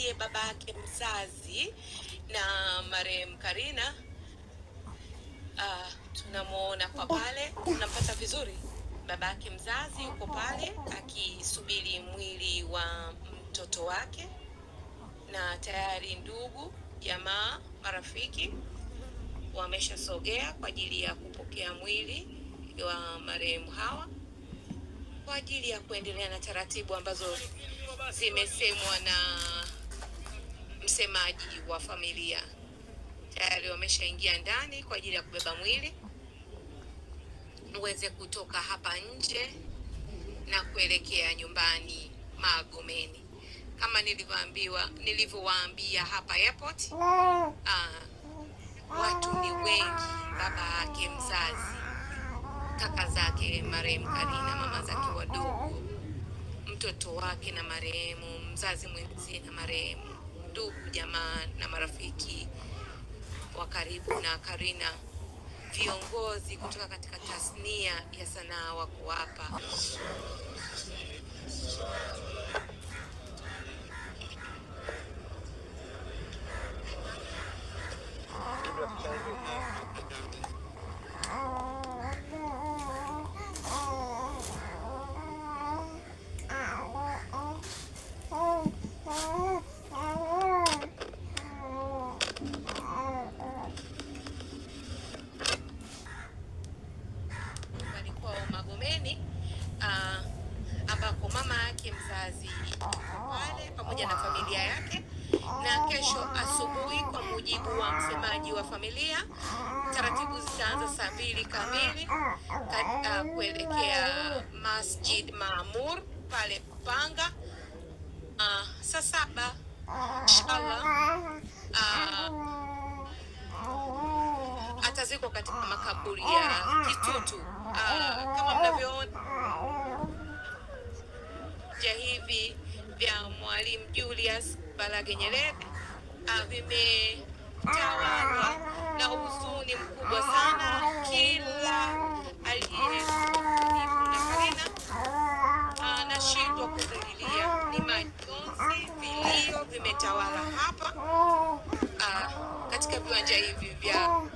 ndiye yake mzazi na marehemu Karina. Uh, ah, tunamwona kwa pale, tunapata vizuri. baba yake mzazi yuko pale akisubiri mwili wa mtoto wake, na tayari ndugu, jamaa, marafiki wameshasogea kwa ajili ya kupokea mwili wa marehemu Hawa kwa ajili ya kuendelea na taratibu ambazo zimesemwa na msemaji wa familia tayari wameshaingia ndani kwa ajili ya kubeba mwili uweze kutoka hapa nje na kuelekea nyumbani Magomeni. Kama nilivyoambiwa nilivyowaambia hapa airport, aa, ah, watu ni wengi, baba yake mzazi, kaka zake marehemu Karina, mama zake wadogo, mtoto wake na marehemu, mzazi mwenzie na marehemu ndugu jamaa na marafiki wa karibu na Karina, viongozi kutoka katika tasnia ya sanaa wako hapa. uh, ambako mama yake mzazi wale pamoja na familia yake, na kesho asubuhi, kwa mujibu wa msemaji wa familia, taratibu zitaanza saa mbili kamili uh, kuelekea Masjid Maamur pale panga uh, saa saba inshallah uh, atazikwa katika makaburi ya Kitutu uh, kama mnavyoona viwanja hivi vya Mwalimu Julius Barage Nyerere ah, vimetawala na huzuni mkubwa sana kila aliyeaina ah, anashindwa kuvumilia. Ni majonzi, vilio vimetawala hapa ah, katika viwanja hivi vya